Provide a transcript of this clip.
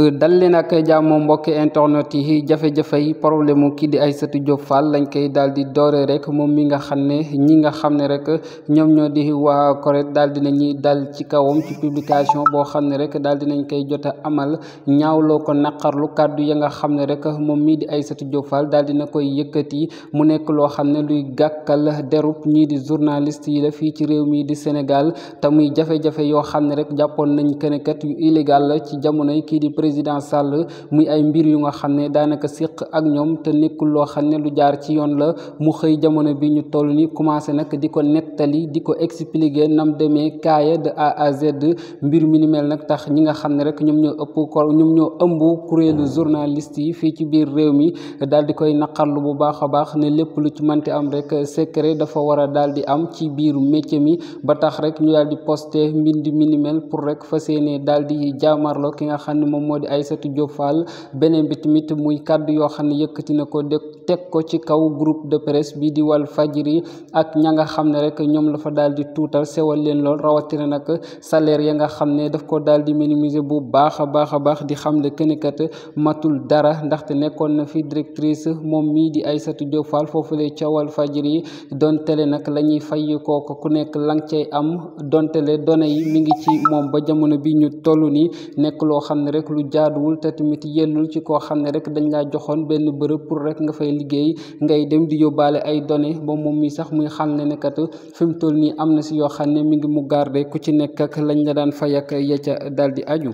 Euh, dal leen ak jàmm mbokki internet yi jafe-jafe yi problème mu kii di Aïssatou Diop Fall lañ koy daal di doore rek moom mi nga xam ne ñi nga xam ne rek ñoom ñoo di waa CORED daal di nañuy dal ci kawam ci boo xam ne rek daal di nañ koy jot a amal ñaawloo ko naqarlu kàddu ya nga xam ne rek moom mii di ay Diop Fall daal di na koy yëkkati mu nekk loo xam ne luy gàkkal derub ñii di journaliste yi la fii ci réew mii di Sénégal te muy jafe-jafe yoo xam ne rek jàppoon nañ kenekat yu illégal la ci jamonoy président Sall muy ay mbir yu nga xam ne daanaka siq ak ñoom te nekkul loo xam ne lu jaar ci yoon la mu xëy jamono bi ñu toll nii commencé nag di ko nettali di ko expliquer nam demee kaaya de A à Z mbir mi nag tax ñi nga xam ne rek ñoom ñoo ëpp ko ñoom ñoo ëmb kuréelu journaliste yi fii ci biir réew mi dal di koy naqarlu bu baax a baax ne lépp lu ci mënti am rek secret dafa war a daal di am ci biir métier mi ba tax rek ñu daal di mbind mi pour rek fas yéene moo di ay Diop Fall beneen bi muy kàddu yoo xam ne yëkkati na ko dëkk teg ko ci kaw groupe de presse bi di wal fajiri ak ña nga xam ne rek ñoom la fa daal di tuutal sewal leen lool rawatina nag salaire ya nga xam ne daf ko daal di minimiser bu baax a baax a baax di xam ne kënikat matul dara ndaxte nekkoon na fi directrice moom mii di Aïssatou Diop Fall foofulee ca wal fajiri yi dontele nag la ñuy fay kooku ku nekk lang cay am dontele donné yi mi ngi ci moom ba jamono bi ñu toll nii nekk loo xam ne rek lu jaaduwul te y liggéey ngay dem di yóbbaale ay données ba moom mi sax muy xam ne ne kat fi mu toll nii am na si yoo xam ne mi ngi mu garder ku ci nekk ak lañ la daan fay ak ya ca daal di aju